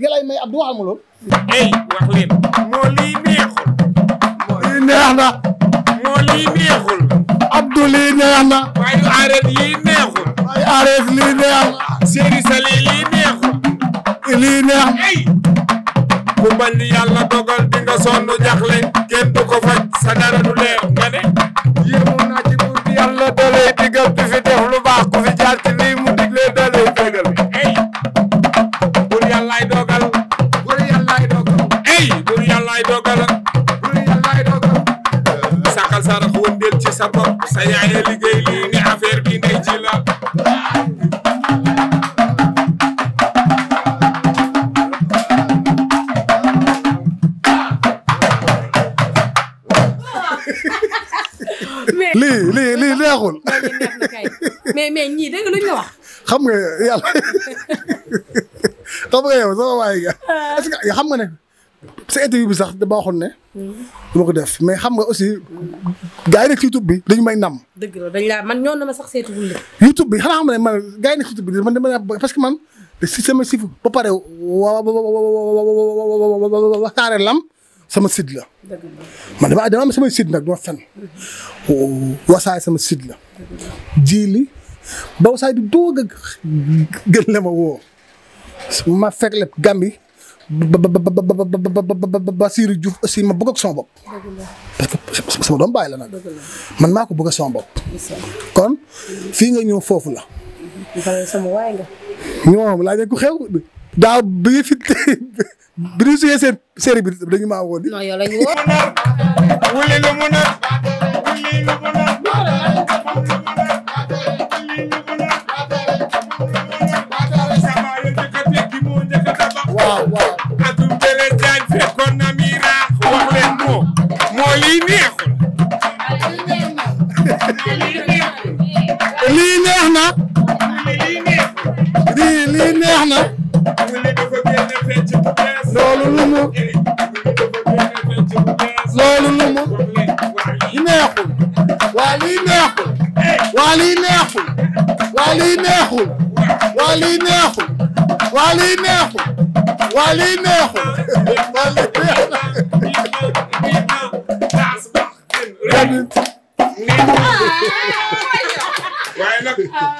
yàllaay may Abdou waxal ma loolu. hey wax leen. moo lii neexul. moo lii neex na. moo neex na. waaye aareef lii neexul. Seri Sali lii neexul. lii neex na. hey. ku bañ dogal di nga sonn jaxle kenn du ko faj sa dara yàllaay dogal lii lii lii lii neexul mais mais ñii dégg luñ la wax xam nga yàlla xam ah. xam ne sa interview bi sax dama waxoon ko def mais xam nga aussi. gars yi YouTube bi dañu may nam. dëgg la na ma sax bi xanaa xam ne man bi man dama parce que man si sama sif ba pare wa Wassare sama site la. man dama dama am sama site nag duma fen wasaay sama site la. jiili ba wasaay di doog a gën la ma woo ma fekk la Gambie. Basiirou Diouf aussi ma bëgg ak sama bopp. parce que sama doom bàyyi la nag. man maa ko bëgg ak sama bopp. kon fii nga ñëw foofu la. sama waay nga. ñoom laaj ku xew daaw bi nga fi bi ñu suyee seen bi dañu maa woo. non yow la ñu lu mu ne lii neex na. loolu lu mu. loolu lu mu. neexul. waa lii neexul. waa lii neexul. waa lii neexul. waa lii neexul. waa lii neexul. waa lii neexul. waa lii neexul. waaye nag.